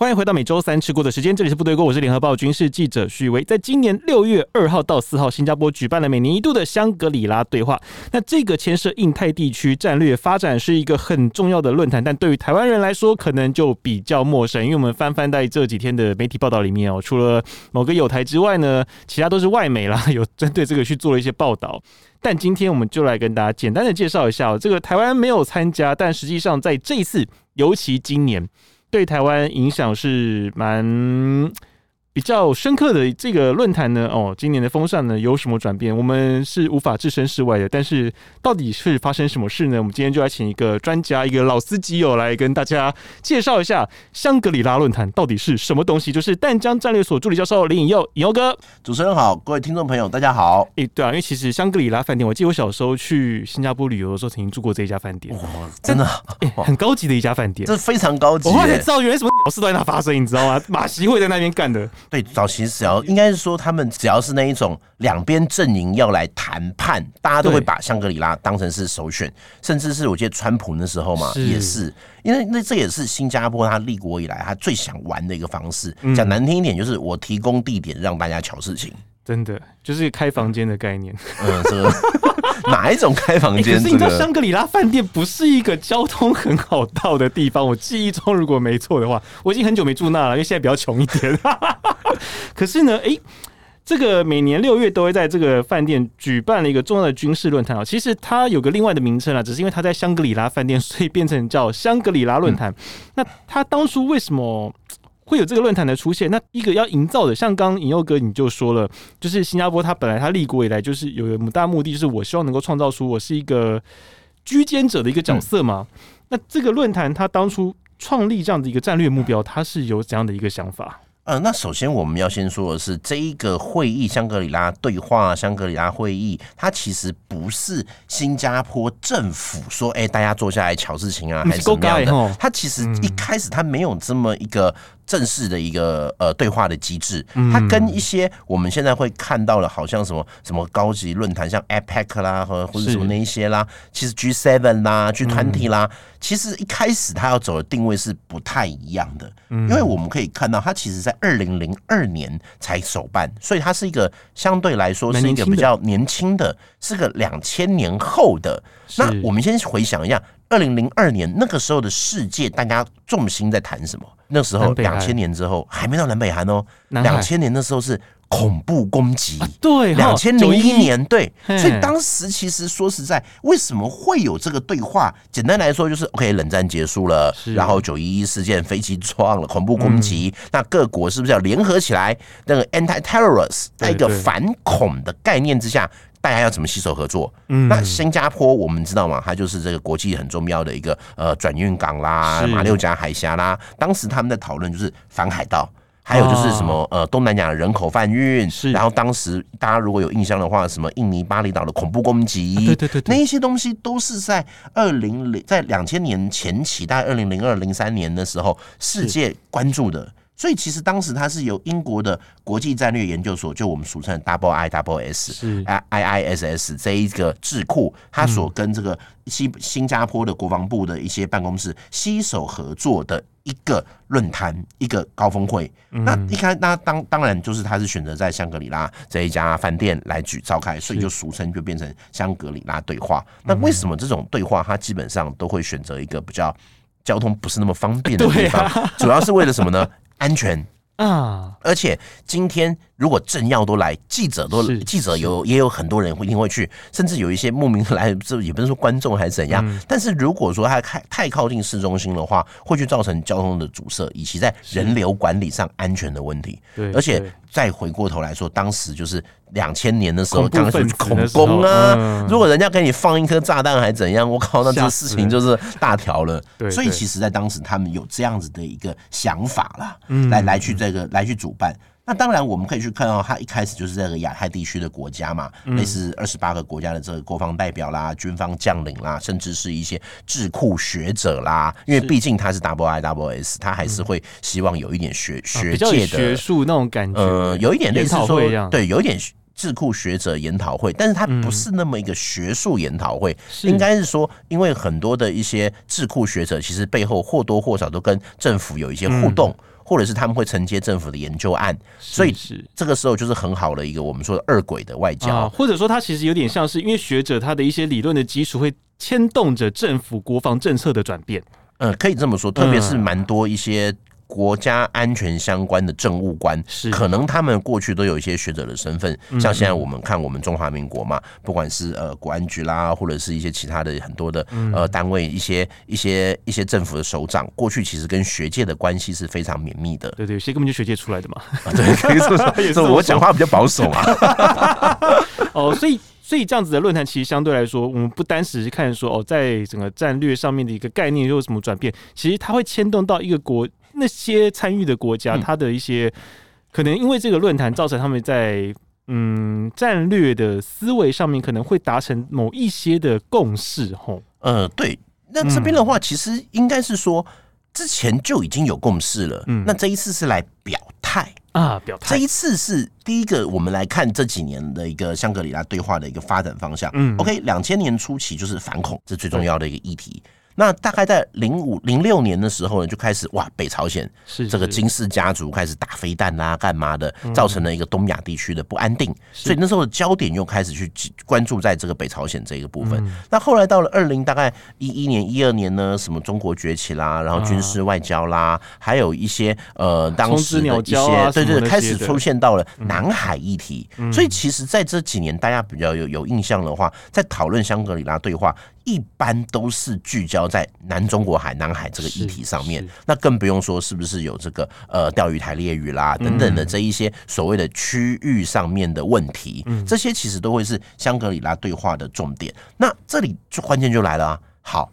歡迎回到每周三吃鍋的時間，這裡是部隊鍋，我是聯合報軍事記者徐宇威。在今年六月二號到四號，新加坡舉辦了每年一度的香格里拉對話。那這個牽涉印太地區戰略發展，是一個很重要的論壇。但對於台灣人來說，可能就比較陌生，因為我們翻翻在這幾天的媒體報道裡面哦，除了某個友台之外呢，其他都是外媒啦，有針對這個去做了一些報道。但今天我們就來跟大家簡單的介紹一下，這個台灣沒有參加，但實際上在這一次，尤其今年。對台灣影響是蠻。比較深刻的這個論壇呢，哦，今年的風扇呢有什麼轉變？我們是無法置身事外的。但是到底是發生什麼事呢？我們今天就來請一個專家，一個老司機友來跟大家介紹一下香格里拉論壇到底是什麼東西。就是淡江戰略所助理教授林穎佑，穎佑哥。主持人好，各位聽眾朋友，大家好。哎、欸，對啊，因為其實香格里拉飯店，我記得我小時候去新加坡旅遊的時候，曾經住過這一家飯店。真的、欸，很高級的一家飯店，這是非常高級、欸。我完全知道原來什麼好事都在那發生，你知道嗎？馬習會在那邊幹的。對，早期只要應該是說，他們只要是那一種兩邊陣營要來談判，大家都會把香格里拉當成是首選，甚至是我記得川普那時候嘛，是也是，因為那這也是新加坡他立國以來他最想玩的一個方式。講難聽一點，就是我提供地點讓大家喬事情。真的就是開房間的概念，嗯，是哪一種開房間？ 欸、可是你知道香格里拉飯店不是一個交通很好到的地方。我記憶中如果沒錯的話，我已經很久沒住那了，因為現在比較窮一點。 可是呢、欸，這個每年六月都會在這個飯店舉辦了一個重要的軍事論壇，其實它有個另外的名稱啊，只是因為它在香格里拉飯店，所以變成叫香格里拉論壇，嗯。那他當初為什麼？會有這個論壇的出現，那一個要營造的，像剛剛穎佑哥你就說了，就是新加坡它本來它立國以來就是有一個大目的，就是我希望能夠創造出我是一個居間者的一個角色嘛。嗯、那這個論壇它當初創立這樣的一個戰略目標，它是有怎樣的一個想法？呃，那首先我們要先說的是，這一個會議香格里拉對話、香格里拉會議，它其實不是新加坡政府說“哎、欸，大家坐下來瞧事情啊”嗯，還是夠高樣的。嗯。它其實一開始它沒有這麼一個。正式的一個呃，對話的機制，它跟一些我們現在會看到的好像什麼什麼高級論壇，像 APEC 啦，和或者什麼那一些啦，其實 G seven 啦，G twenty 啦，嗯，其實一開始它要走的定位是不太一樣的，因為我們可以看到它其實在二零零二年才首辦，所以它是一個相對來說是一個比較年輕的，年的是個兩千年後的。那我們先回想一下。二零零二年那個時候的世界，大家重心在談什麼？那時候兩千年之後還沒到南北韓哦，兩千年的時候是恐怖攻擊。對，兩千零一年對，所以當時其實說實在，為什麼會有這個對話？簡單來說就是，OK，冷戰結束了，然後九一一事件飛機撞了，恐怖攻擊，那各國是不是要聯合起來？那個 Anti-Terrorist 在一個反恐的概念之下。大家要怎麼攜手合作？嗯，那新加坡我們知道嘛？它就是這個國際很重要的一個呃轉運港啦，馬六甲海峽啦。當時他們在討論就是反海盜，還有就是什麼、啊、呃東南亞人口販運。是，然後當時大家如果有印象的話，什麼印尼巴厘島的恐怖攻擊，啊、對，對對對，那一些東西都是在二零零在兩千年前期，大概二零零二零三年的時候，世界關注的。所以其實當時它是由英國的國際戰略研究所，就我們俗稱 Double I Double S，I I S S 這一個智庫，它所跟這個新新加坡的國防部的一些辦公室攜手合作的一個論壇，一個高峰會。那一看，那當當然就是它是選擇在香格里拉這一家飯店來舉召開，所以就俗稱就變成香格里拉對話。那為什麼這種對話它基本上都會選擇一個比較交通不是那麼方便的地方？ 啊、主要是為了什麼呢？安全啊！Oh. 而且今天。如果政要都來，記者都來，記者有也有很多人一定會去，是是甚至有一些慕名的來，這也不是說觀眾還是怎樣。嗯、但是如果說他太太靠近市中心的話，會去造成交通的阻塞，以及在人流管理上安全的問題。對，而且再回過頭來說，當時就是兩千年的時候，講的是恐攻啊。嗯、如果人家給你放一顆炸彈還怎樣？我靠，那這事情就是大條了。了所以其實，在當時他們有這樣子的一個想法啦，嗯、來來去這個來去主辦。那當然，我們可以去看到他一開始就是這個亞太地區的國家嘛，類似二十八個國家的這個國防代表啦、軍方將領啦，甚至是一些智庫學者啦。因為畢竟他是 W I W S，他還是會希望有一點學學界的學術那種感覺，呃，有一點類似說對，有一點智庫學者研討會，但是他不是那麼一個學術研討會，應該是說，因為很多的一些智庫學者其實背後或多或少都跟政府有一些互動。或者是他們會承接政府的研究案，所以這個時候就是很好的一個我們說的二軌的外交，或者說他其實有點像是因為學者他的一些理論的基礎會牽動着政府國防政策的轉變。嗯，可以這麼說，特別是蠻多一些。國家安全相關的政務官，是可能他們過去都有一些學者的身份，嗯嗯，像現在我們看我們中華民國嘛，不管是呃國安局啦，或者是一些其他的很多的呃單位，一些一些一些政府的首長，過去其實跟學界的關係是非常綿密的。對對，對，有些根本就學界出來的嘛。啊、對，可以說、麼 這麼說，所以我講話比較保守嘛。 哦，所以所以這樣子的論壇，其實相對來說，我們不單只是看說哦，在整個戰略上面的一個概念又有什麼轉變，其實它會牽動到一個國。那些參與的國家，他的一些可能因為這個論壇，造成他們在嗯戰略的思維上面可能會達成某一些的共識，吼。呃，對，那這邊的話，其實應該是說之前就已經有共識了。嗯，那這一次是來表態啊，表態。這一次是第一個，我們來看這幾年的一個香格里拉對話的一個發展方向。嗯，OK，兩千年初期就是反恐，這是最重要的一個議題。嗯那大概在零五零六年的時候呢，就開始哇，北朝鮮這個金氏家族開始打飛彈啦，幹嘛的，造成了一個東亞地區的不安定，所以那時候的焦點又開始去關注在這個北朝鮮這一個部分。那後來到了二零大概一一年、一二年呢，什麼中國崛起啦，然後軍事外交啦，還有一些呃當時的一些對對，開始出現到了南海議題。所以其實在這幾年，大家比較有有印象的話，在討論香格里拉對話。一般都是聚焦在南中國海、南海這個議題上面，那更不用說是不是有這個呃釣魚台列嶼啦等等的這一些所謂的區域上面的問題，嗯，這些其實都會是香格里拉對話的重點。嗯，那這裡就關鍵就來了啊！好，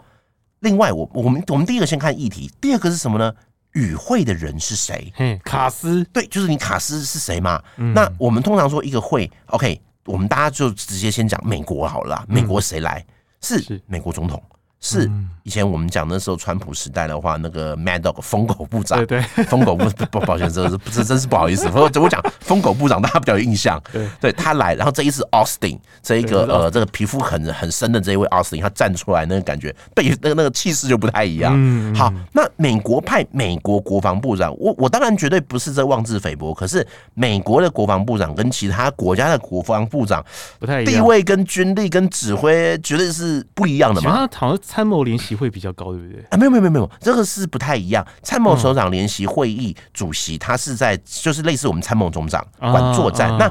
另外我我們我們第一個先看議題，第二個是什麼呢？與會的人是誰？嗯，卡斯，對，就是你卡斯是誰嘛？嗯，那我們通常說一個會，OK，我們大家就直接先講美國好了，美國誰來？嗯是美國總統。是以前我們講那時候川普時代的話，那個 Mad Dog 瘋狗部長，對對，對，瘋狗部長，不，抱歉，真是這真是不好意思。我我講瘋狗部長，大家比較有印象。對，對，對他來，然後這一次 Austin 這一個呃這個皮膚很很深的這一位 Austin，他站出來那個感覺，被那個那個氣勢就不太一樣。嗯好，那美國派美國國防部長，我我當然絕對不是在妄自菲薄，可是美國的國防部長跟其他國家的國防部長不太，地位跟軍力跟指揮絕對是不一樣的嘛。參謀聯席會比較高，對不對？啊，沒有沒有沒有沒有，這個是不太一樣。參謀首長聯席會議主席他是在，就是類似我們參謀總長管作戰。那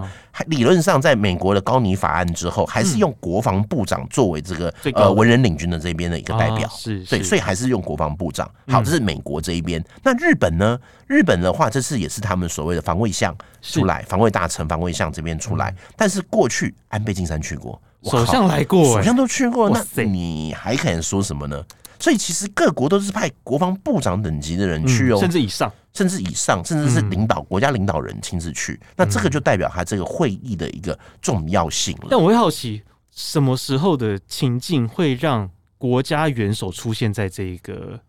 理論上，在美國的高尼法案之後，還是用國防部長作為這個呃文人領軍的這邊的一個代表。是，所以所以還是用國防部長。好，這是美國這一邊。那日本呢？日本的話，這次也是他們所謂的防衛相出來，防衛大臣、防衛相這邊出來。但是過去安倍晉三去過。首相來過，首相都去過，那你還可能說什麼呢？所以其實各國都是派國防部長等級的人去哦、喔嗯，甚至以上，甚至以上，甚至是領導、嗯、國家領導人親自去。那這個就代表他這個會議的一個重要性了。但我會好奇，什麼時候的情境會讓國家元首出現在這一個？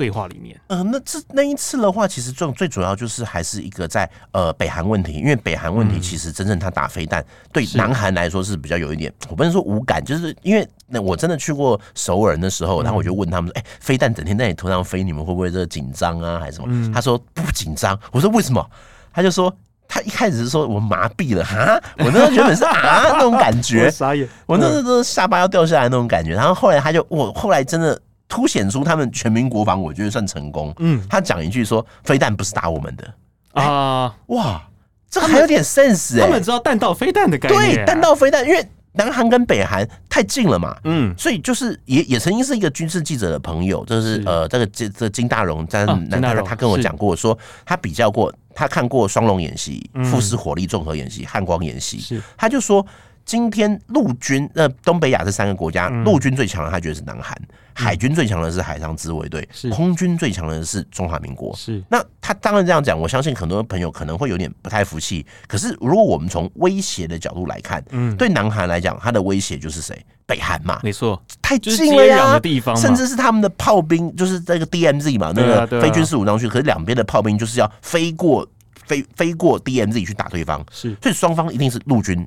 對話裡面，嗯、呃，那這那一次的話，其實最最主要就是還是一個在呃北韓問題，因為北韓問題其實真正他打飛彈、嗯、對南韓來說是比較有一點，我不能說無感，就是因為那我真的去過首爾的時候，然後我就問他們，哎、欸，飛彈整天在你頭上飛，你們會不會這緊張啊還是什麼、嗯？他說不緊張，我說為什麼？他就說他一開始是說我麻痹了哈，我那時候原本是啊 那種感覺，傻眼，我那那都是下巴要掉下來那種感覺，然後後來他就我後來真的。凸顯出他們全民國防，我覺得算成功。嗯，他講一句說，飛彈不是打我們的啊、欸呃！哇，這個還有點 sense 哎、欸，他們知道彈道飛彈的概念、啊。對，彈道飛彈，因為南韓跟北韓太近了嘛，嗯，所以就是也也曾經是一個軍事記者的朋友，就是,是呃，這個這個、金大榮在南韓，他跟我講過說，說他比較過，他看過雙龍演習、嗯、富士火力綜合演習、漢光演習，他就說。今天陸軍，那、呃、東北亞這三個國家，陸、嗯、軍最強的他覺得是南韓、嗯，海軍最強的是海上自衛隊，是空軍最強的是中華民國。是那他當然這樣講，我相信很多朋友可能會有點不太服氣。可是如果我們從威脅的角度來看，嗯，對南韓來講，他的威脅就是誰？北韓嘛，沒錯，太近了啊，就是接壤的地方甚至是他們的炮兵，就是那個 DMZ 嘛，那個非軍事武裝區。可是兩邊的炮兵就是要飛過飛飛過 DMZ 去打對方，是所以雙方一定是陸軍。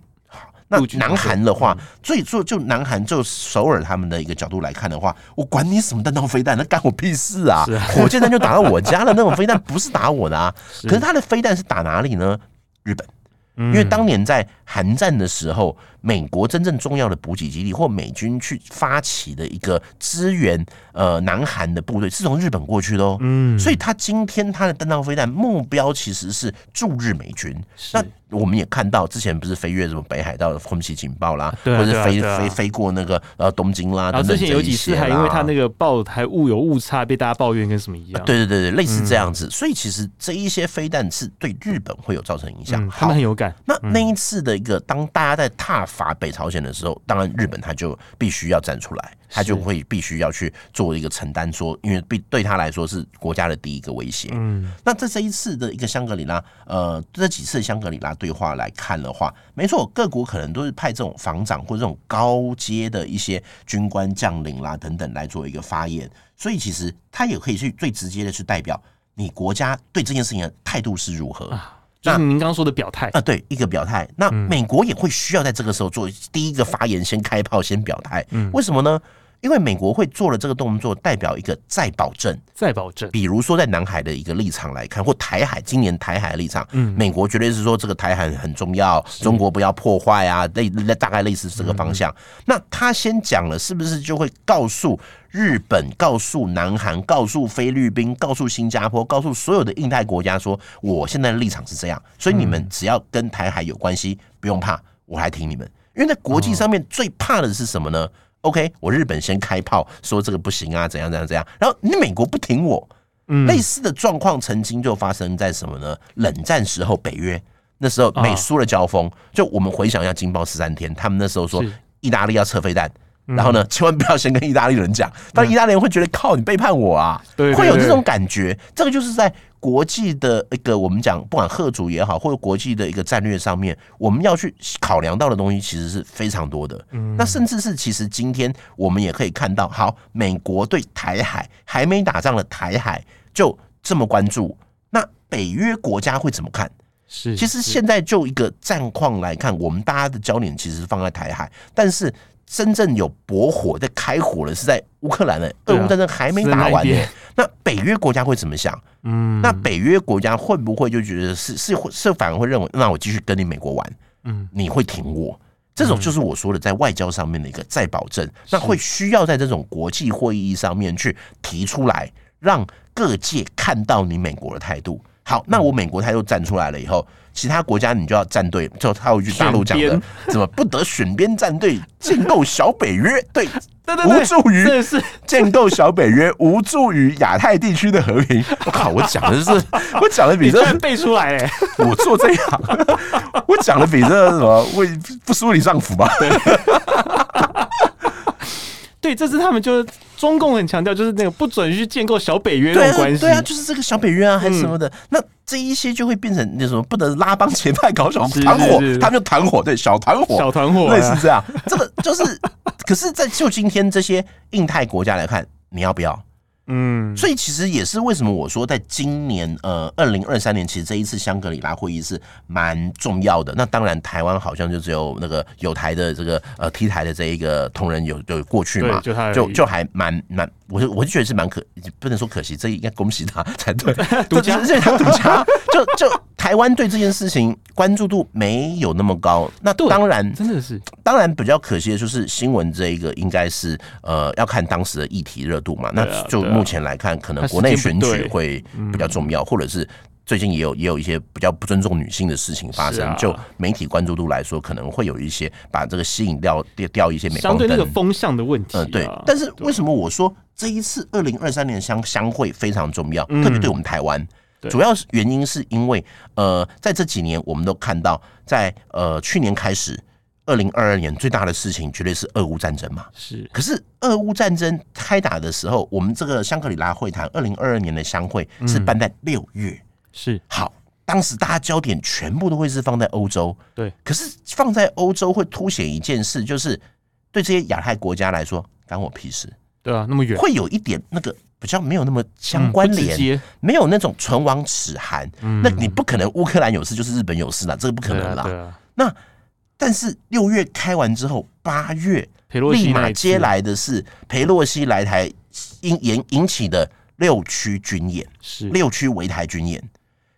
那南韓的話，最初就南韓就首爾他們的一個角度來看的話，我管你什麼彈道飛彈，那幹我屁事啊！火箭彈就打到我家了，那種飛彈不是打我的啊。可是他的飛彈是打哪裡呢？日本，因為當年在韓戰的時候。美國真正重要的補給基地，或美軍去發起的一個支援呃南韓的部隊，是從日本過去的哦。嗯，所以他今天他的彈道飛彈目標其實是駐日美軍。那我們也看到之前不是飛越什麼北海道的空襲警報啦，或者飛飛飛過那個呃東京啦。等等。之前有幾次還因為他那個報台物有誤差，被大家抱怨跟什麼一樣。對對對對，類似這樣子。所以其實這一些飛彈是對日本會有造成影響，他們很有感。那那一次的一個當大家在踏法北朝鮮的時候，當然日本他就必須要站出來，他就會必須要去做一個承擔，說因為對對他來說是國家的第一個威脅。嗯，那在這一次的一個香格里拉，呃，這幾次香格里拉對話來看的話，沒錯，各國可能都是派這種防長或這種高階的一些軍官將領啦等等來做一個發言，所以其實他也可以去最直接的去代表你國家對這件事情的態度是如何。那，就是您剛剛說的表態啊，呃，對，一個表態。那美國也會需要在這個時候做第一個發言，先開炮，先表態。嗯，為什麼呢？因為美國會做了這個動作，代表一個再保證，再保證。比如說在南海的一個立場來看，或台海，今年台海的立場，嗯，美國絕對是說這個台海很重要，中國不要破壞啊，類那大概類似這個方向。嗯、那他先講了，是不是就會告訴日本、告訴南韓、告訴菲律賓、告訴新加坡、告訴所有的印太國家，說我現在的立場是這樣，所以你們只要跟台海有關係，不用怕，我還挺你們。因為在國際上面最怕的是什麼呢？OK，我日本先開炮，說這個不行啊，怎樣怎樣怎樣。然後你美國不挺我、嗯，類似的狀況曾經就發生在什麼呢？冷戰時候北約那時候美蘇的交鋒，就我們回想一下《驚爆十三天》，他們那時候說意大利要撤飛彈，然後呢，千萬不要先跟意大利人講，但意大利人會覺得靠，你背叛我啊，嗯、會有這種感覺。這個就是在。國際的一個，我們講不管嚇阻也好，或者國際的一個戰略上面，我們要去考量到的東西其實是非常多的。嗯，那甚至是其實今天我們也可以看到，好，美國對台海還沒打仗的台海就這麼關注，那北約國家會怎麼看？是，是，其實現在就一個戰況來看，我們大家的焦點其實放在台海，但是。真正有駁火在開火的，是在烏克蘭的俄烏戰爭還沒打完呢、啊。那北約國家會怎麼想？嗯，那北約國家會不會就覺得是是是，反而會認為，那我繼續跟你美國玩？嗯，你會挺我？這種就是我說的，在外交上面的一個再保證，那會需要在這種國際會議上面去提出來，讓各界看到你美國的態度。好，那我美國態度站出來了以後。其他國家你就要站隊，就他有一句大陸講的，怎麼不得選邊站隊，建構小北約？對，對，對，對無助於建構小北約，對對對北約無助於亞太地區的和平。對對對靠我靠， 我講的就是我講的比這背出來嘞。我做這一行，我講的比這什麼為不輸你丈夫吧？ 對，對，對， 對，這次他們就是。中共很強調，就是那個不准去建構小北約的關係。對啊，啊啊、就是這個小北約啊，還是什麼的、嗯，那這一些就會變成那什麼，不得拉幫結派搞什麼團夥，他們就團夥，對，小團夥，小團夥、啊、類似這樣。這個就是， 可是，在就今天這些印太國家來看，你要不要？嗯，所以其實也是為什麼我說，在今年呃二零二三年，其實這一次香格里拉會議，是蠻重要的。那當然，台灣好像就只有那個有台的這個呃 T 台的這一個同仁有就過去嘛，就就還蠻蠻。我就我就覺得是蠻可，不能說可惜，這應該恭喜他才對，獨 家，家，這是獨家。就就台灣對這件事情關注度沒有那麼高，那當然對真的是，當然比較可惜的就是新聞這一個應該是呃要看當時的議題熱度嘛，那就目前來看，可能國內選舉會比較重要，或者是。最近也有也有一些比較不尊重女性的事情發生、啊，就媒體關注度來說，可能會有一些把這個吸引掉掉一些鎂光燈相對那個風向的問題、啊。呃、嗯，對。但是為什麼我說這一次二零二三年的相相會非常重要？特別對我們台灣、嗯，主要是原因是因為呃，在這幾年我們都看到在，在呃去年開始，二零二二年最大的事情絕對是俄烏戰爭嘛。是。可是俄烏戰爭開打的時候，我們這個香格里拉會談，二零二二年的相會是辦在六月。嗯是好，當時大家焦點全部都會是放在歐洲，對。可是，放在歐洲會凸顯一件事，就是對這些亞太國家來說，關我屁事。對啊，那麼遠，會有一點那個比較沒有那麼相關聯、嗯，沒有那種唇亡齒寒、嗯。那你不可能烏克蘭有事就是日本有事啦，這個不可能啦。對啊。那但是六月開完之後，八月立馬接來的是裴洛西來台引引引起的六區軍演，是六區圍台軍演。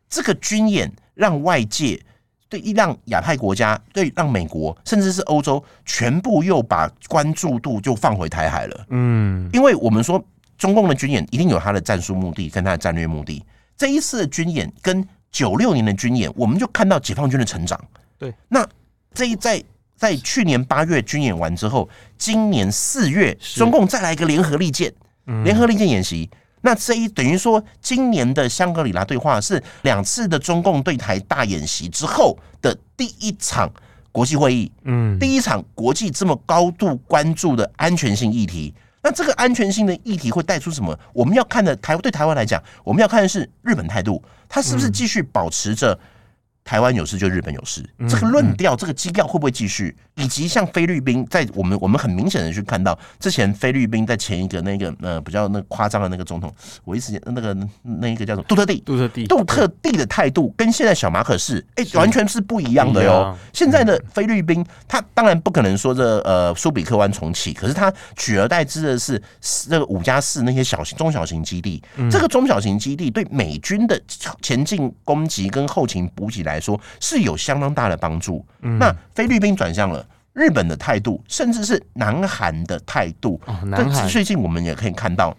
這個軍演讓外界對一讓亞太國家對讓美國甚至是歐洲全部又把關注度就放回台海了。嗯，因為我們說中共的軍演一定有它的戰術目的跟它的戰略目的。這一次的軍演跟九六年的軍演，我們就看到解放軍的成長。對，那這一在在去年八月軍演完之後，今年四月中共再來一個聯合利劍聯合利劍演習。那這一等於說，今年的香格里拉對話是兩次的中共對台大演習之後的第一場國際會議，嗯，第一場國際這麼高度關注的安全性議題。那這個安全性的議題會帶出什麼？我們要看的台對台灣來講，我們要看的是日本態度，它是不是繼續保持着？台灣有事就日本有事，這個論調，這個基調會不會繼續？以及像菲律賓，在我們我們很明顯的去看到，之前菲律賓在前一個那個呃比較那誇張的那個總統，我一時那個那一個叫做杜特蒂，杜特蒂，杜特蒂的態度，跟現在小馬可仕、欸、是，哎，完全是不一樣的喲、啊。現在的菲律賓，他當然不可能說這呃蘇比克灣重啟，可是他取而代之的是那個五加四那些小中小型基地、嗯，這個中小型基地對美軍的前進攻擊跟後勤補給來。來說是有相當大的幫助、嗯。那菲律賓轉向了日本的態度，甚至是南韓的態度。哦、南韓是最近我們也可以看到。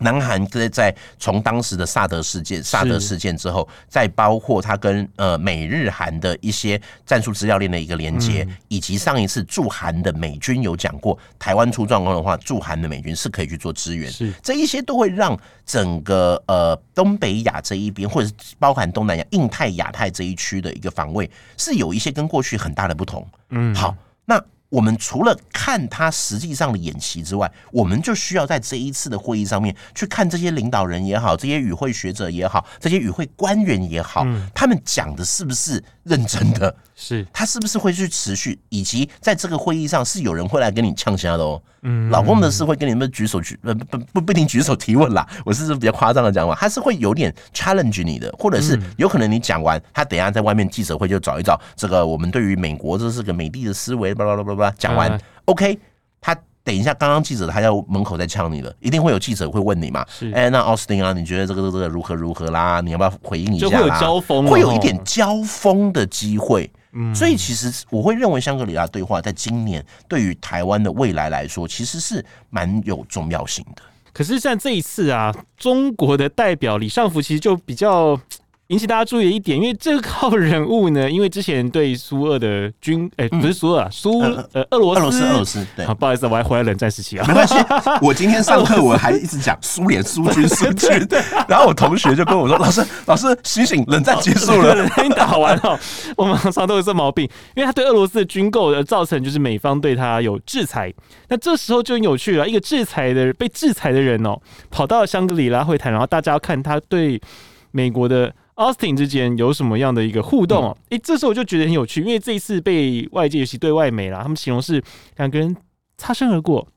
南韓在在從當時的薩德事件，薩德事件之後，再包括它跟呃美日韓的一些戰術資料鏈的一個連接，嗯，以及上一次駐韓的美軍有講過，台灣出狀況的話，駐韓的美軍是可以去做支援是，這一些都會讓整個呃東北亞這一邊，或者是包含東南亞、印太、亞太這一區的一個防衛，是有一些跟過去很大的不同。嗯，好，那。我們除了看他實際上的演習之外，我們就需要在這一次的會議上面去看這些領導人也好，這些與會學者也好，這些與會官員也好，他們講的是不是認真的？是，他是不是會去持續？以及在這個會議上，是有人會來跟你嗆聲的哦。嗯，老公們的是會跟你們舉手舉不不不不不不，舉手提問啦，我是比較誇張的講不，他是會有點 challenge 你的，或者是有可能你講完，他等一下在外面記者會就找一找這個我們對於美國這是個美不，的思維，不，不，不，不，不，講完，OK，他等一下剛剛記者他不，門口在嗆你不，一定會有記者會問你嘛，哎，那奧斯汀啊，你覺得這個這個如何如何啦？你要不要回應一下、啊？會會有一點交鋒的機會。所以，其實我會認為香格里拉對話在今年對於台灣的未來來說，其實是蠻有重要性的。嗯。可是，像這一次啊，中國的代表李尚福其實就比較。引起大家注意的一點，因為這號人物呢，因為之前對蘇俄的軍，哎、欸，不是蘇俄、啊，蘇、嗯、呃，俄羅斯，俄羅斯，斯，對好，不好意思、啊，我還回來冷戰時期啊，沒關係，我今天上課我還一直講蘇聯、蘇軍、蘇軍， 對，對，對，然後我同學就跟我說：“ 老師，老師，提醒，醒， 冷戰結束了， 冷戰打完了、喔，我們常常都有這毛病，因為他對俄羅斯的軍購造成就是美方對他有制裁，那這時候就很有趣了，一個制裁的被制裁的人哦、喔，跑到香格里拉會談，然後大家要看他對美國的。” Austin 之間有什麼樣的一個互動？誒、嗯欸，這時候我就覺得很有趣，因為這一次被外界尤其對外媒啦，他們形容是兩個人擦身而過，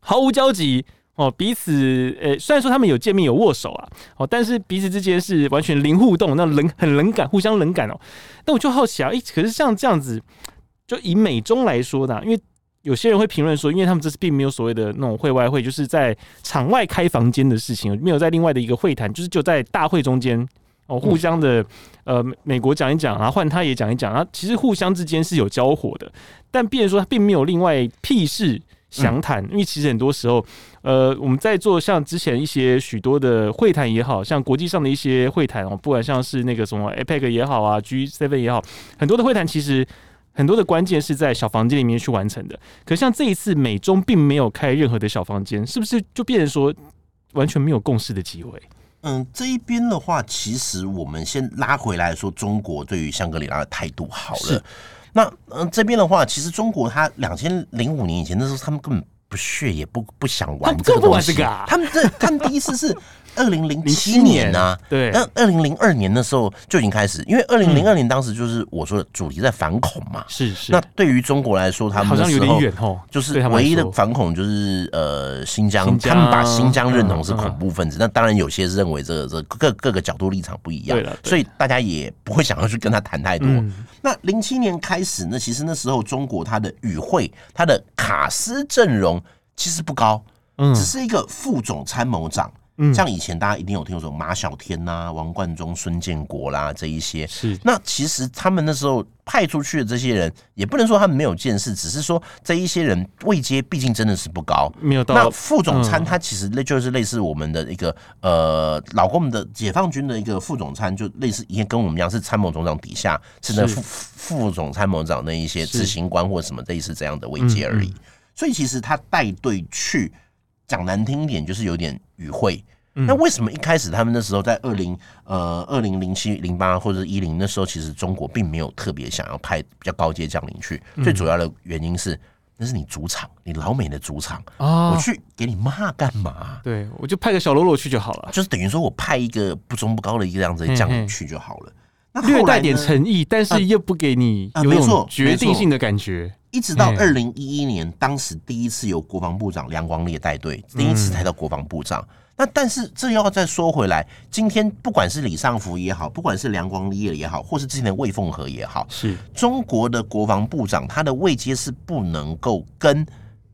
毫無交集哦、喔，彼此呃、欸，雖然說他們有見面有握手啊，哦、喔，但是彼此之間是完全零互動，那冷很冷感，互相冷感哦、喔。但我就好奇啊，誒、欸，可是像這樣子，就以美中來說的、啊，因為有些人會評論說，因為他們這次並沒有所謂的那種會外會，就是在場外開房間的事情，沒有在另外的一個會談，就是就在大會中間。哦，互相的，嗯、呃，美國講一講，啊，換他也講一講啊。其實互相之間是有交火的，但變成說他並沒有另外闢室詳談、嗯。因為其實很多時候，呃，我們在做像之前一些許多的會談也好，像國際上的一些會談哦，不管像是那個什麼 APEC 也好啊，G7 也好，很多的會談其實很多的關鍵是在小房間裡面去完成的。可像這一次美中並沒有開任何的小房間，是不是就變成說完全沒有共識的機會？嗯，這一邊的話，其實我們先拉回來說中國對於香格里拉的態度好了。是，那嗯，這邊的話，其實中國他兩千零五年以前，那時候他們根本不屑，也不不想玩這個東西。他不做不玩這個、啊、他們這他們第一次是。 二零零七年啊，對，那二零零二年的時候就已經開始，因為二零零二年當時就是我說的主題在反恐嘛，是、嗯、是。那對於中國來說，他們好像有點遠，就是唯一的反恐就是呃新疆、新疆，他們把新疆認同是恐怖分子，那、嗯嗯、當然有些是認為這個、這個、各各個角度立場不一樣，對。所以大家也不會想要去跟他談太多。嗯、那零七年開始呢，其實那時候中國他的與會他的卡司陣容其實不高，只是一個副總參謀長。嗯，像以前大家一定有聽過說馬小天吶、啊、王冠中、孫建國啦、啊、這一些，是。那其實他們那時候派出去的這些人，也不能說他們沒有見識，只是說這一些人位階畢竟真的是不高，沒有到副總參，他其實那就是類似我們的一個呃，老共們的解放軍的一個副總參，就類似以前跟我們一樣是參謀總長底下是那副副總參謀長那一些執行官或什麼類似這樣的位階而已，所以其實他帶隊去。講難聽一點，就是有點語彙、嗯。那為什麼一開始他們那時候在二零呃二零零七零八或者是一零那時候，其實中國並沒有特別想要派比較高階將領去、嗯？最主要的原因是，那是你主場，你老美的主場啊、哦，我去給你罵幹嘛？對，我就派個小嘍囉去就好了。就是等於說我派一個不中不高的一個這樣子的將領去就好了。嘿嘿略帶點誠意，但是又不給你沒錯，決定性的感覺。啊啊、一直到二零一一年，當時第一次由國防部長梁光烈帶隊，第一次抬到國防部長、嗯。那但是這要再說回來，今天不管是李尚福也好，不管是梁光烈也好，或是之前的魏鳳和也好，是中國的國防部長，他的位階是不能夠跟。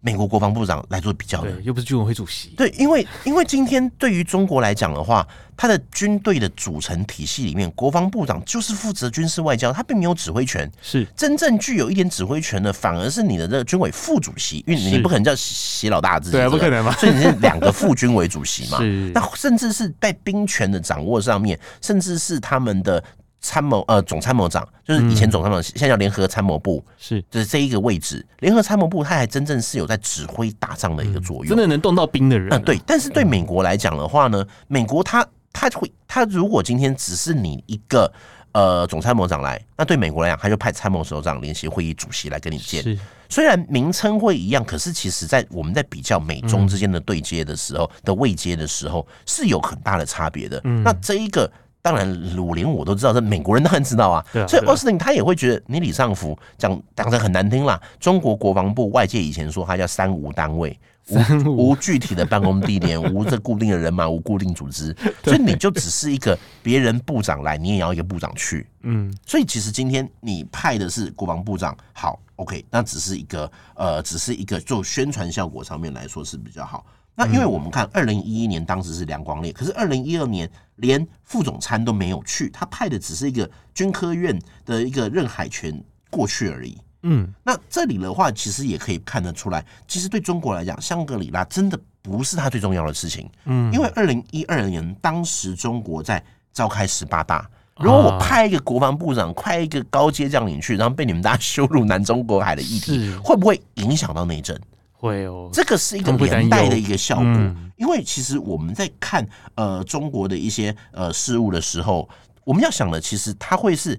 美國國防部長來做比較，對，又不是軍委主席，對，因為因為今天對於中國來講的話，他的軍隊的組成體系裡面，國防部長就是負責軍事外交，他並沒有指揮權，是真正具有一點指揮權的，反而是你的這個軍委副主席，因為你不可能叫習老大自己，對，不可能嘛，所以你是兩個副軍委主席嘛，是，那甚至是在兵權的掌握上面，甚至是他們的。參謀呃，總參謀長就是以前總參謀、嗯，現在叫聯合參謀部，是就是這一個位置。聯合參謀部，他還真正是有在指揮打仗的一個作用、嗯，真的能動到兵的人、啊呃、對，但是對美國來講的話呢，嗯、美國他他會他如果今天只是你一個呃總參謀長來，那對美國來講，他就派參謀首長、聯席會議主席來跟你見。是。雖然名稱會一樣，可是其實在我們在比較美中之間的對接的時候、嗯、的位接的時候，是有很大的差別的、嗯。那這一個。當然，魯林我都知道，這美國人都很知道啊。啊所以，Austin 他也會覺得，你李尚福講講得很難聽啦。中國國防部外界以前說，他叫“三無單位”，無，三無無具體的辦公地點， 無這固定的人馬，無固定組織。所以，你就只是一個別人部長來，你也要一個部長去。嗯，所以其實今天你派的是國防部長，好，OK，那只是一個呃，只是一個做宣傳效果上面來說是比較好。那因為我們看，二零一一年當時是梁光烈，嗯、可是二零一二年連副總參都沒有去，他派的只是一個軍科院的一個任海泉過去而已。嗯，那這裡的話，其實也可以看得出來，其實對中國來講，香格里拉真的不是他最重要的事情。嗯，因為二零一二年當時中國在召開十八大，如果我派一個國防部長，派一個高階將領去，然後被你們大家羞辱南中國海的議題，會不會影響到內政？會哦，這個是一個連帶的一個效果，嗯，因為其實我們在看呃中國的一些呃事物的時候，我們要想的其實他會是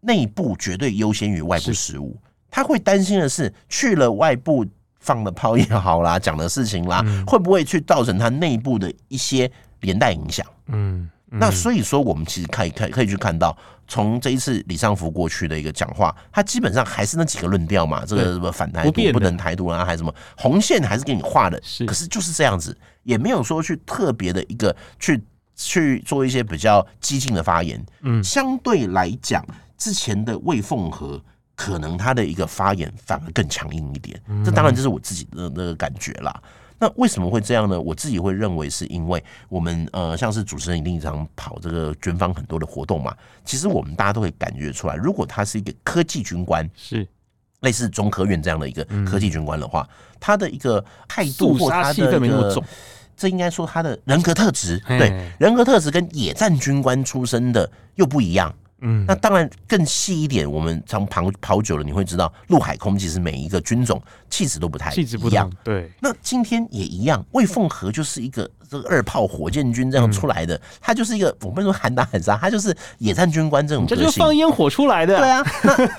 內部絕對優先於外部事物，他會擔心的是去了外部放的炮也好啦，講的事情啦，嗯，會不會去造成他內部的一些連帶影響。嗯，嗯，那所以說我們其實可以可以可以去看到。從這一次李尚福過去的一個講話，他基本上還是那幾個論調嘛，這個什麼反台獨不，不能台獨啊，還是什麼紅線還是給你畫的，嗯，可是就是這樣子，也沒有說去特別的一個去去做一些比較激進的發言。嗯，相對來講，之前的魏鳳和可能他的一個發言反而更強硬一點，這當然就是我自己的那個感覺啦。那為什麼會這樣呢？我自己會認為是因為我們呃，像是主持人一定常跑這個軍方很多的活動嘛。其實我們大家都會感覺出來，如果他是一個科技軍官，是類似中科院這樣的一個科技軍官的話，嗯、他的一個態度或他的一個，殺氣沒那麼重，這應該說他的人格特質，對嘿嘿人格特質，跟野戰軍官出身的又不一樣。嗯，那當然更細一點，我們從旁跑久了，你會知道陸海空其實每一個軍種氣質都不太，氣質不一樣不。對，那今天也一樣，魏鳳和就是一個。這個二炮火箭軍這樣出來的，他、嗯、就是一個我們不能說喊打喊殺，他就是野戰軍官這種，這就是放煙火出來的、啊。對啊，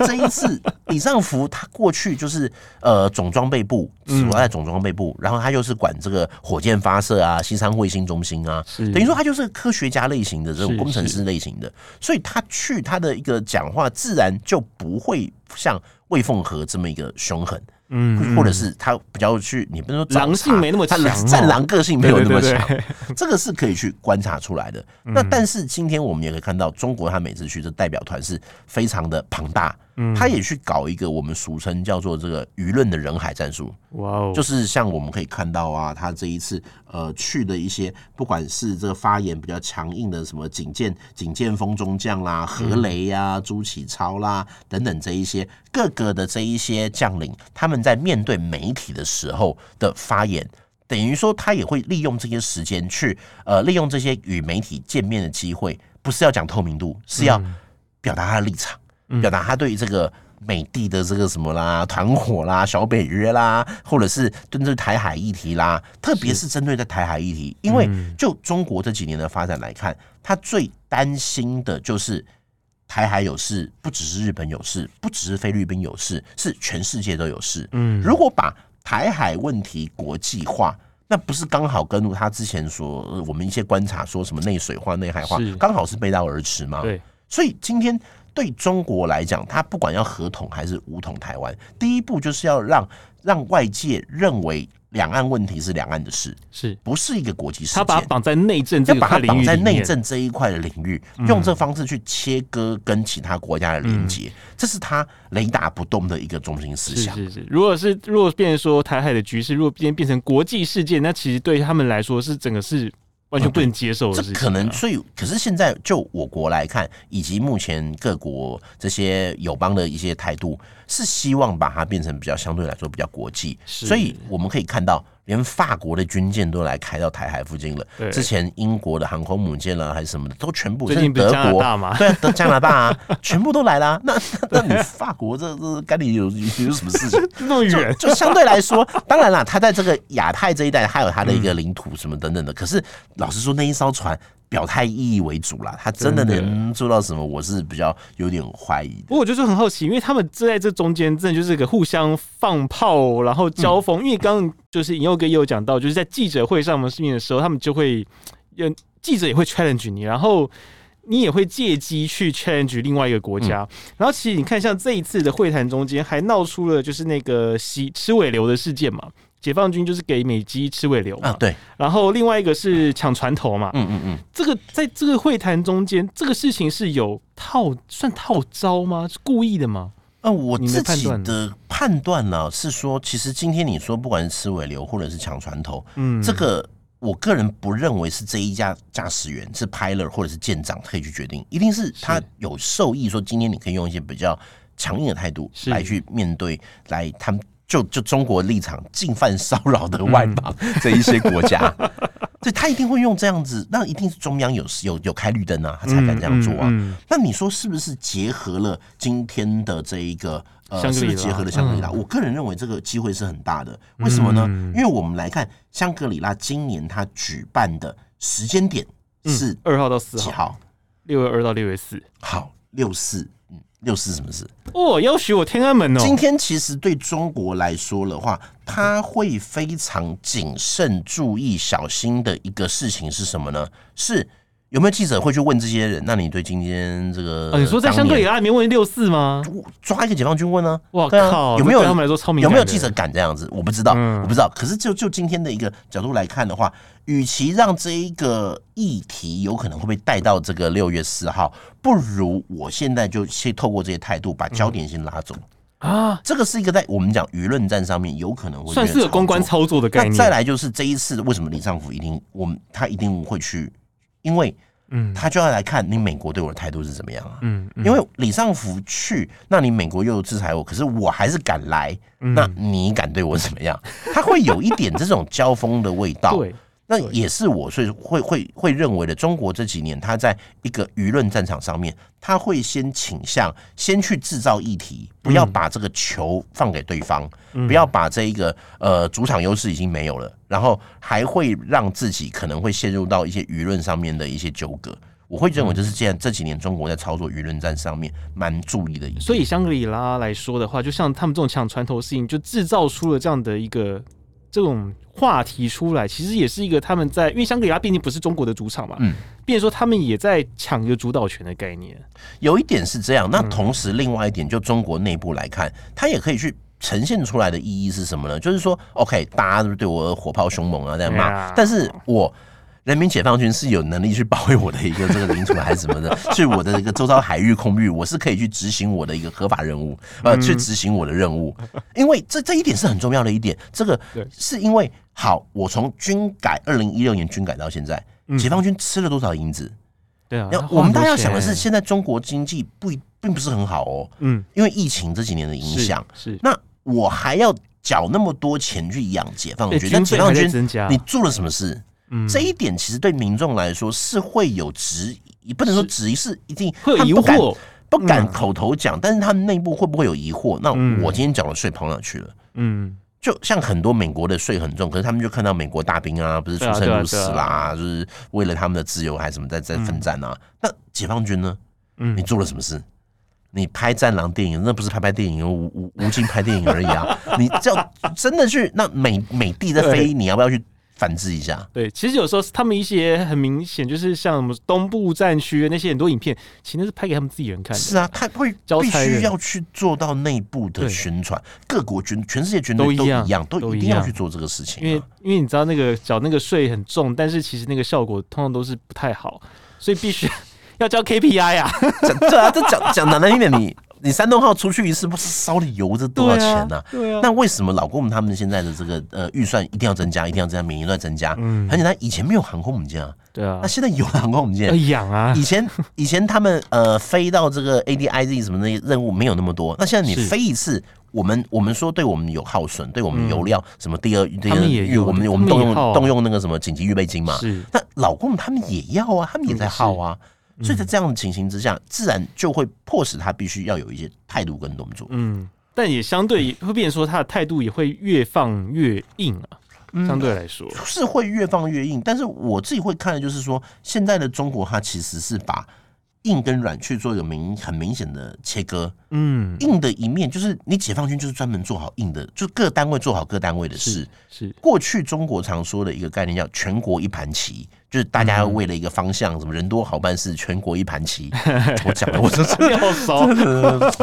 那這一次李尚福他過去就是呃總裝備部，主要在總裝備部、嗯，然後他就是管這個火箭發射啊、西昌衛星中心啊，等於說他就是科學家類型的，這種工程師類型的，是是，所以他去他的一個講話，自然就不會像魏鳳和這麼一個兇狠。嗯，或者是他比較去，你不能說狼性沒那麼強，他戰狼個性沒有那麼強，對對對對，這個是可以去觀察出來的。那但是今天我們也可以看到，中國他每次去的代表團是非常的龐大。他也去搞一個我們俗稱叫做這個輿論的人海戰術，哇哦！就是像我們可以看到啊，他這一次呃去的一些，不管是這個發言比較強硬的什麼景建、景建峰中將啦、何雷呀、啊、朱啟超啦等等這一些各個的這一些將領，他們在面對媒體的時候的發言，等於說他也會利用這些時間去呃利用這些與媒體見面的機會，不是要講透明度，是要表達他的立場。嗯、表達他對這個美帝的這個什麼啦、團夥啦、小北約啦，或者是針對台海議題啦，特別是針對在台海議題，因為就中國這幾年的發展來看，他最擔心的就是台海有事，不只是日本有事，不只是菲律賓有事，是全世界都有事。嗯，如果把台海問題國際化，那不是剛好跟他之前說我們一些觀察說什麼內水化、內海化，剛好是背道而馳嗎？對，所以今天。對中國來講，他不管要和統還是武統台灣，第一步就是要讓讓外界認為兩岸問題是兩岸的事，是，不是一個國際事件。他把它綁在內政這塊領域，要把他綁在內政這一塊的領域，嗯、用這方式去切割跟其他國家的連接、嗯，這是他雷打不動的一個中心思想。是是是，如果是如果變說台海的局勢，如果變變成國際事件，那其實對他們來說是整個是。完全不能接受的事情、啊嗯、這可能，所以可是現在就我國來看，以及目前各國這些友邦的一些態度，是希望把它變成比較相對來說比較國際。所以我們可以看到。連法國的軍艦都來開到台海附近了。之前英國的航空母艦啦，還是什麼的，都全部最近不是德國、加拿大對，加拿大、啊加拿大啊、 全部都來了、啊。那那，對、啊、那你法國這這幹你有有什麼事情？ 那麼遠，就相對來說， 當然了，他在這個亞太這一帶還有他的一個領土什麼等等的。嗯、可是老實說，那一艘船表態意義為主啦，他真的能真的、嗯、做到什麼？我是比較有點懷疑。不過我就是很好奇，因為他們這在這中間真的就是個互相放炮，然後交鋒、嗯。因為剛就是穎佑哥也有講到，就是在記者會上面的,的時候，他們就會，有記者也會 challenge 你，然後你也會借機去 challenge 另外一個國家。然後其實你看像這一次的會談中間，還鬧出了就是那個西吃尾流的事件嘛，解放軍就是給美機吃尾流，嗯，對。然後另外一個是搶船頭嘛，嗯嗯嗯。這個在這個會談中間，這個事情是有套算套招嗎？是故意的嗎？呃，我自己的判斷呢、啊啊、是說，其實今天你說不管是尾流或者是搶船頭，嗯，這個我個人不認為是這一架駕駛員是 pilot 或者是艦長可以去決定，一定是他有受益。說今天你可以用一些比較強硬的態度來去面對，來他們就就中國立場進犯騷擾的外邦這一些國家。嗯 對，他一定會用這樣子，那一定是中央有有有開綠燈啊，他才敢這樣做啊、嗯嗯。那你說是不是結合了今天的這一個？是不是、呃、結合了香格里拉，嗯、我個人認為這個機會是很大的。為什麼呢、嗯？因為我們來看香格里拉今年他舉辦的時間點是幾號？嗯、二號到四號，六月二到六月四，好六四。六四什麼事？哦，要學我天安門哦。今天其實對中國來說的話，他會非常謹慎、注意、小心的一個事情是什麼呢？是。有沒有記者會去問這些人？那你對今天這個，你說在相對以外面問六四嗎？抓一個解放軍問啊！我靠、啊，有沒有這對他們來說超敏感的？有沒有記者敢這樣子？我不知道，嗯、我不知道。可是就就今天的一個角度來看的話，與其讓這一個議題有可能會被帶到這個六月四號，不如我現在就先透過這些態度把焦點先拉走、嗯、啊！這個是一個在我們講輿論戰上面有可能會算是有公關操作的概念。再來就是這一次為什麼李尚福一定我們他一定會去？因為，他就要來看你美國對我的態度是怎麼樣啊？因為李尚福去，那你美國又制裁我，可是我還是敢來，那你敢對我怎麼樣？ 他會有一點這種交鋒的味道。那也是我，所以會會會認為的。中國這幾年，他在一個輿論戰場上面，他會先傾向先去製造議題，不要把這個球放給對方，嗯、不要把這一個呃主場優勢已經沒有了，然後還會讓自己可能會陷入到一些輿論上面的一些糾葛。我會認為，這是現在這幾年中國在操作輿論戰上面蠻注意的一。所以，香格里拉來說的話，就像他們這種搶船頭事情，就製造出了這樣的一個。這種話題出來，其實也是一個他們在，因為香格里拉畢竟不是中國的主場嘛，嗯，變說他們也在搶着主導權的概念。有一點是這樣，那同時另外一點，就中國內部來看、嗯，它也可以去呈現出來的意義是什麼呢？就是說，OK，大家都對我火炮兇猛啊，在罵、嗯啊，但是我。人民解放軍是有能力去保衛我的一個這個領土還是什麼的，所 以我的一個周遭海域空域， 我是可以去執行我的一個合法任務，呃、嗯，去執行我的任務，因為這這一點是很重要的一點。這個是因為好，我從軍改二零一六年軍改到現在、嗯，解放軍吃了多少銀子？對啊，我們大家要想的是，現在中國經濟不並不是很好哦，嗯，因為疫情這幾年的影響，是，是那我還要繳那麼多錢去養解放軍，那解放軍你做了什麼事？嗯、這一點其實對民眾來說是會有質疑，也不能說質疑是一定，有疑惑不，不敢口頭講、嗯，但是他們內部會不會有疑惑？那我今天繳的稅跑哪去了？嗯，就像很多美國的稅很重，可是他們就看到美國大兵啊，不是出生入死啦，對啊對啊對啊，就是為了他們的自由還是什麼在在奮戰啊、嗯。那解放軍呢？嗯，你做了什麼事、嗯？你拍戰狼電影，那不是拍拍電影，吳吳吳京拍電影而已啊。 你叫真的去那美美帝在飛，你要不要去？反制一下，對，其實有時候他們一些很明顯，就是像什麼東部戰區那些很多影片，其實是拍給他們自己人看的。是啊，他會必須要去做到內部的宣傳，各國軍、全世界軍都，都一樣，都一定要去做這個事情。因為因為你知道那個繳那個稅很重，但是其實那個效果通常都是不太好，所以必須要，要交 KPI 呀，啊。 對啊，這講講難聽一點你。你山東號出去一次，不是燒的油這多少錢呢、啊？對啊。啊、那為什麼老共們他們現在的這個呃預算一定要增加，一定要增加，每年都要增加？嗯，很簡單，以前沒有航空母艦啊。對啊，啊。那現在有航空母艦，養啊。癢癢啊，以前以前他們呃飛到這個 ADIZ 什麼的任務沒有那麼多，那現在你飛一次，我們我們說對我們有耗損，對我們油料、嗯、什麼第二，對，我們我們動用、啊、動用那個什麼緊急預備金嘛。是。那老共們他們也要啊，他們也在耗啊。所以在這樣的情形之下，嗯，自然就會迫使他必須要有一些態度跟動作。嗯，但也相對也會變成說，他的態度也會越放越硬啊。嗯，相對來說，就是會越放越硬，但是我自己會看的就是說，現在的中國，它其實是把硬跟軟去做有明很明顯的切割。嗯，硬的一面就是你解放軍就是專門做好硬的，就各單位做好各單位的事。是，是過去中國常說的一個概念叫“全國一盤棋”。就是大家要為了一個方向、嗯，什麼人多好辦事，全國一盤棋。呵呵我講的，的，的，的，我說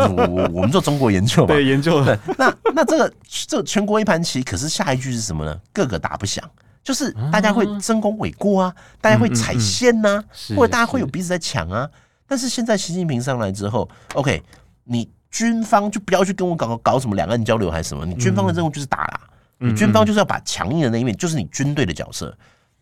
真的，我我們做中國研究對，研究的。那那這個這個、全國一盤棋，可是下一句是什麼呢？個個打不響，就是大家會爭功諉過啊，大家會踩線吶、啊嗯嗯嗯，或者大家會有彼此在搶啊是是。但是現在習近平上來之後，OK，你軍方就不要去跟我搞搞什麼兩岸交流還是什麼，你軍方的任務就是打啦、嗯嗯嗯。你軍方就是要把強硬的那一面，就是你軍隊的角色。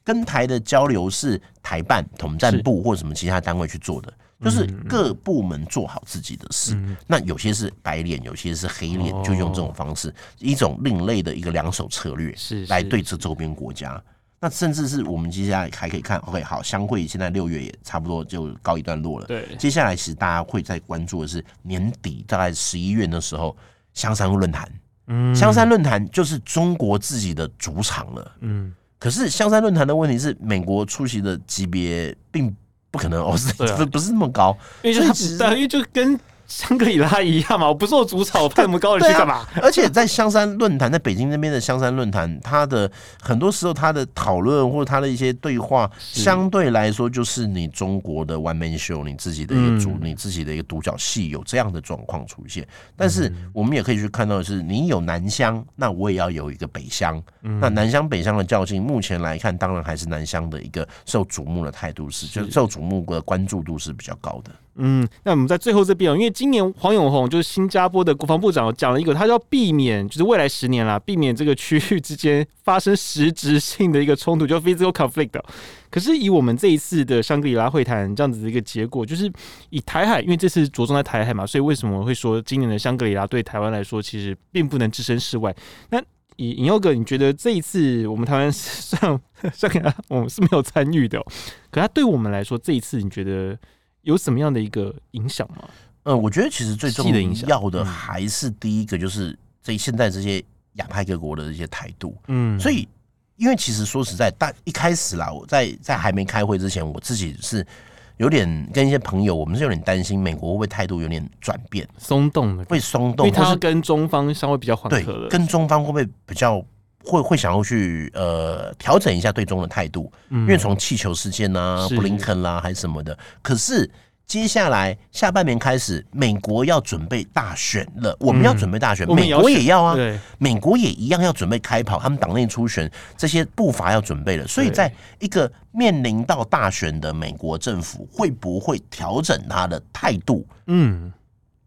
跟台的交流是台辦統戰部或什麼其他單位去做的，是就是各部門做好自己的事。嗯嗯，那有些是白臉，有些是黑臉，哦，就用這種方式，一種另類的一個兩手策略，來對峙周邊國家。那甚至是我們接下來還可以看，OK，好，香會現在六月也差不多就告一段落了。對，接下來其實大家會再關注的是年底大概十一月的時候，香山論壇。嗯，香山論壇就是中國自己的主場了。嗯。可是香山論壇的問題是，美國出席的級別並不可能不，哦、是，啊、不是那麼高，因為就等於，啊、就跟。香格里拉一樣嘛，我不做主場我派那麼高人去幹嘛，啊？而且在香山論壇，在北京那邊的香山論壇，他的很多時候他的討論或者他的一些對話，相對來說就是你中國的 one man show，你自己的一個主，嗯、你自己的一個獨角戲，有這樣的狀況出現。但是我們也可以去看到的是，你有南香，那我也要有一個北香。那南香北香的較勁，目前來看，當然還是南香的一個受矚目的態度是，就是受矚目的關注度是比較高的。嗯，那我們在最後這邊哦、喔，因為今年黃永宏就是新加坡的國防部長講了一個，他要避免就是未來十年啦，避免這個區域之間發生實質性的一個衝突，叫、就是、physical conflict、喔。可是以我們這一次的香格里拉會談這樣子的一個結果，就是以台海，因為這次着重在台海嘛，所以為什麼會說今年的香格里拉對台灣來說其實並不能置身事外？那以穎佑哥，你覺得這一次我們台灣上香格里拉我們是沒有參與的、喔，可他對我們來說這一次你覺得？有什麼樣的一個影響嗎？呃，我覺得其實最重要的，的，影響要的還是第一個，就是這現在這些亞太各國的一些態度。嗯，所以因為其實說實在，但一開始啦，我在在還沒開會之前，我自己是有點跟一些朋友，我們是有點擔心美國會不會態度有點轉變、鬆動的，會鬆動的，或是跟中方相會比較緩和的，對，跟中方會不會比較？會會想要去呃調整一下對中的態度，嗯，因為從氣球事件吶、啊、布林肯啦、啊、還是什麼的。可是接下來下半年開始，美國要準備大選了，嗯，我們要準備大選，美國也要啊，對，美國也一樣要準備開跑，他們黨內初選這些步伐要準備了。所以在一個面臨到大選的美國政府，會不會調整他的態度？嗯，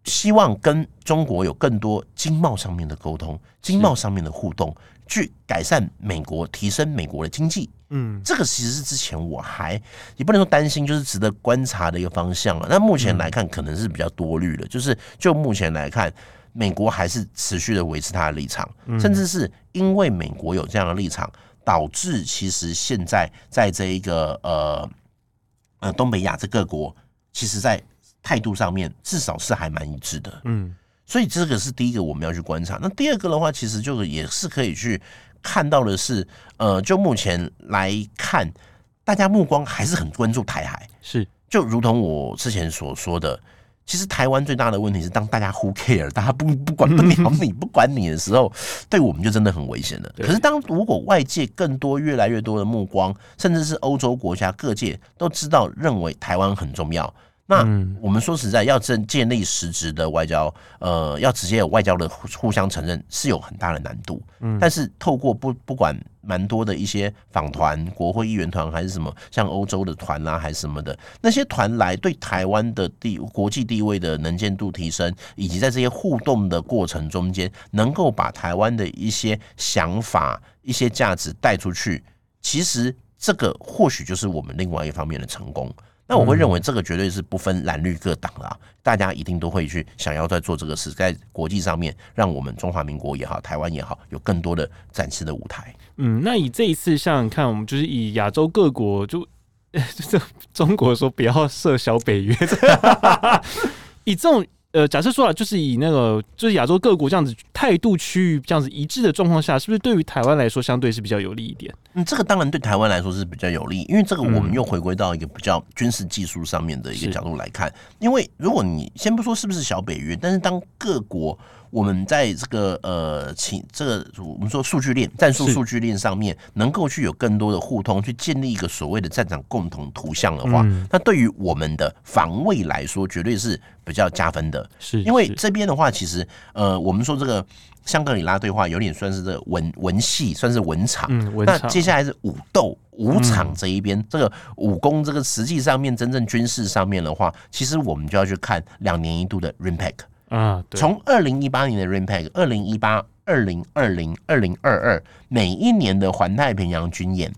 希望跟中國有更多經貿上面的溝通，經貿上面的互動。去改善美國，提升美國的經濟，嗯，這個其實是之前我還也不能說擔心，就是值得觀察的一個方向了、啊。那目前來看，可能是比較多慮了、嗯。就是就目前來看，美國還是持續的維持它的立場，甚至是因為美國有這樣的立場，導致其實現在在這一個呃呃東北亞這各國，其實在態度上面至少是還蠻一致的，嗯。所以這個是第一個我們要去觀察。那第二個的話，其實就也是可以去看到的是，呃，就目前來看，大家目光還是很關注台海。是，就如同我之前所說的，其實台灣最大的問題是，當大家 who care，大家不不管不了你，你不管你的時候，對我們就真的很危險了。可是當如果外界更多越來越多的目光，甚至是歐洲國家各界都知道認為台灣很重要。那我們說實在，要正建立實質的外交，呃，要直接有外交的互相承認是有很大的難度。但是透過不不管蠻多的一些訪團、國會議員團，還是什麼像歐洲的團啦，還是什麼的那些團來，對台灣的地國際地位的能見度提升，以及在這些互動的過程中間，能夠把台灣的一些想法、一些價值帶出去，其實這個或許就是我們另外一方面的成功。那我會認為這個絕對是不分藍綠各黨啊，大家一定都會去想要在做這個事，在國際上面讓我們中華民國也好，台灣也好，有更多的展示的舞台。嗯，那以這一次像看我們就是以亞洲各國就，就是中國說不要設小北約， 以這種。呃，假設說啊，就是以那個，就是亞洲各國這樣子態度趨於這樣子一致的狀況下，是不是對於台灣來說，相對是比較有利一點？嗯，這個當然對台灣來說是比較有利，因為這個我們又回歸到一個比較軍事技術上面的一個角度來看。嗯。因為如果你先不說是不是小北約，但是當各國。我們在這個呃，請這個我們說數據鏈戰術數據鏈上面，能夠去有更多的互通，去建立一個所謂的戰場共同圖像的話，嗯、那對於我們的防衛來說，絕對是比較加分的。是，是因為這邊的話，其實呃，我們說這個香格里拉對話有點算是這個文文戲，算是文場、嗯。文場。那接下來是武鬥武場這一邊、嗯，這個武功這個實際上面真正軍事上面的話，其實我們就要去看兩年一度的 RIMPAC。嗯、啊，從二零一八年的 RIMPAC，二零一八、二零二零、二零二二，每一年的環太平洋軍演，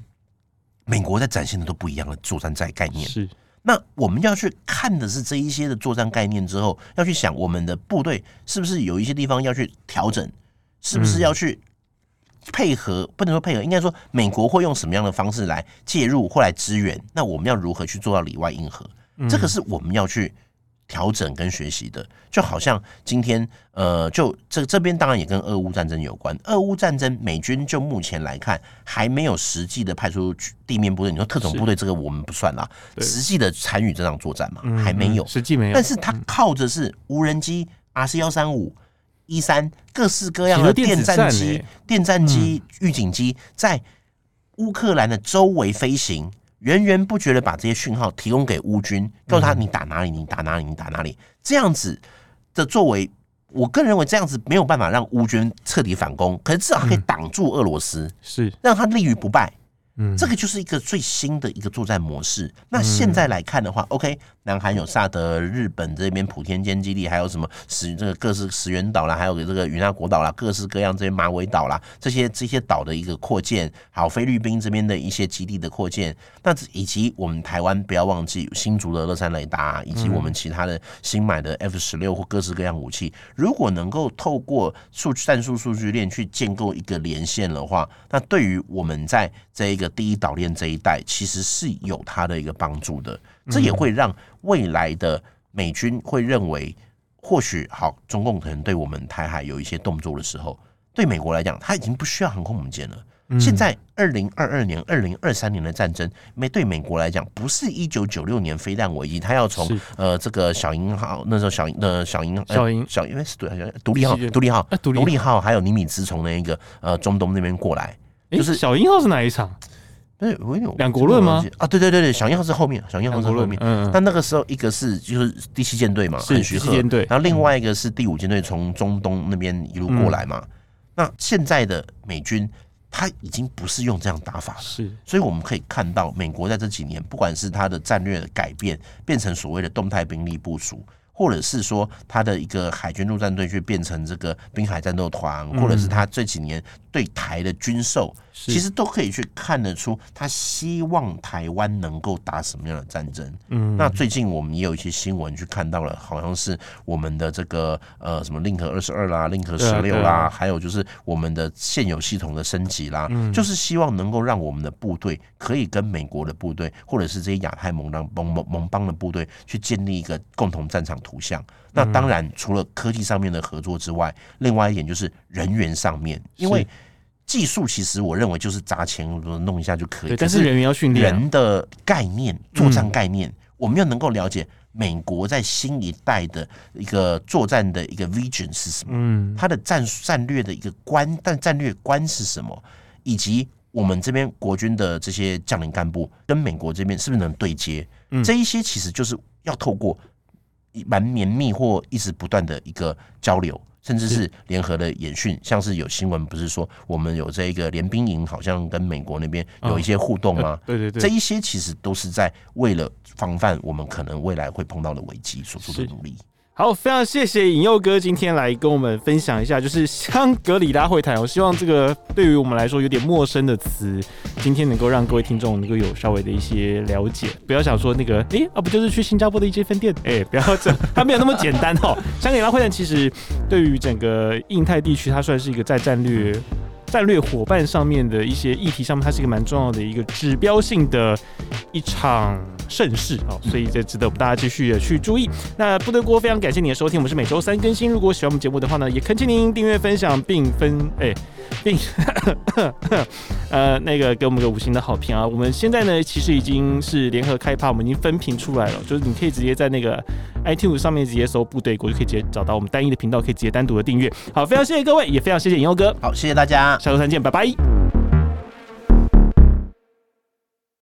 美國在展現的都不一樣的作戰在概念。是，那我們要去看的是這一些的作戰概念之後，要去想我們的部隊是不是有一些地方要去調整，是不是要去配合？嗯、不能說配合，應該說美國會用什麼樣的方式來介入或來支援？那我們要如何去做到裡外應和？嗯？這個是我們要去。調整跟學習的，就好像今天，呃，就這這邊當然也跟俄烏戰爭有關。俄烏戰爭，美軍就目前來看還沒有實際的派出地面部隊。你說特種部隊這個我們不算啦，對實際的參與這場作戰嘛、嗯、還沒有、嗯，實際沒有。但是它靠着是無人機 RC 幺三五一三、E3，各式各樣的電戰機、電戰、電戰機、預警機、嗯、在烏克蘭的周圍飛行。源源不絕的把這些訊號提供給烏軍，告訴他你打哪裡、嗯、你打哪裡，你打哪裡，你打哪裡，這樣子的作為，我個人認為這樣子沒有辦法讓烏軍徹底反攻，可是至少可以擋住俄羅斯，是、嗯、讓他立於不敗。嗯，這個就是一個最新的一個作戰模式。那現在來看的話、嗯、OK。南韓有薩德，日本這邊普天間基地，還有什麼石這個各式石垣島啦，還有這個與那國島啦，各式各樣這些馬尾島啦，這些這些島的一個擴建，還有菲律賓這邊的一些基地的擴建，那以及我們台灣不要忘記新竹的樂山雷達、啊，以及我們其他的新買的 F 十六或各式各樣武器，如果能夠透過數戰術數據鏈去建構一個連線的話，那對於我們在這一個第一島鏈這一帶，其實是有它的一個幫助的，這也會讓，未來的美軍會認為，或許好，中共可能對我們台海有一些動作的時候，對美國來講，他已經不需要航空母艦了，嗯。現在二零二二年，二零二三年的戰爭，沒，對美國來講，不是一九九六年飛彈危機，他要從呃這個小鷹號那時候小呃小鷹小鷹、呃、小因為是獨立號獨立號獨、啊、獨立號，還有尼米茲從那一個呃中東那邊過來，就是、欸、小鷹號是哪一場？哎，我有兩國論嗎？啊，對對對對，小鷹號是後面，小鷹號是後面。小鷹號是後面嗯那、嗯、那個時候，一個是就是第七艦隊嘛，是第七艦隊。然後另外一個是第五艦隊從中東那邊一路過來嘛、嗯。那現在的美軍他已經不是用這樣打法了，是。所以我們可以看到，美國在這幾年不管是他的戰略的改變，變成所謂的動態兵力部署，或者是說他的一個海軍陸戰隊去變成這個濱海戰鬥團、嗯，或者是他這幾年對台的軍售。其實都可以去看得出，他希望台灣能夠打什麼樣的戰爭。嗯，那最近我們也有一些新聞去看到了，好像是我們的這個呃什麼 Link 二十二啦，Link 十六啦，還有就是我們的現有系統的升級啦，就是希望能夠讓我們的部隊可以跟美國的部隊，或者是這些亞太盟邦盟盟邦的部隊去建立一個共同戰場圖像。那當然，除了科技上面的合作之外，另外一點就是人員上面，因為。技術其實我認為就是砸錢弄一下就可以，但是人員要訓練、啊、人的概念、作戰概念，嗯、我們要能夠了解美國在新一代的一個作戰的一個 vision 是什麼。嗯，他的戰戰略的一個觀，但戰略觀是什麼？以及我們這邊國軍的這些將領幹部跟美國這邊是不是能對接？這一些其實就是要透過蠻綿密或一直不斷的一個交流。甚至是聯合的演訓，像是有新聞不是說我們有這個聯兵營，好像跟美國那邊有一些互動嗎？對對對，這一些其實都是在為了防範我們可能未來會碰到的危機所做的努力。好，非常謝謝穎佑哥今天來跟我們分享一下，就是香格里拉會談哦。我希望這個對於我們來說有點陌生的詞，今天能夠讓各位聽眾能夠有稍微的一些了解。不要想說那個，哎、欸，啊不就是去新加坡的一些分店？哎、欸，不要這，它沒有那麼簡單哦。香格里拉會談其實對於整個印太地區，它算是一個在戰略。戰略夥伴上面的一些議題上面，它是一個蠻重要的一個指標性的一場盛事啊，所以這值得我們大家繼續的去注意。那部隊鍋非常感謝你的收聽，我們是每周三更新。如果喜歡我們節目的話呢，也懇請您訂閱、分享，並分哎、欸、並 呃那個給我們個五星的好評啊。我們現在呢，其實已經是聯合開趴，我們已經分屏出來了，就是你可以直接在那個 iTunes 上面直接搜部隊鍋，就可以直接找到我們單一的頻道，可以直接單獨的訂閱。好，非常謝謝各位，也非常謝謝穎佑哥。好，謝謝大家。下週三見，拜拜。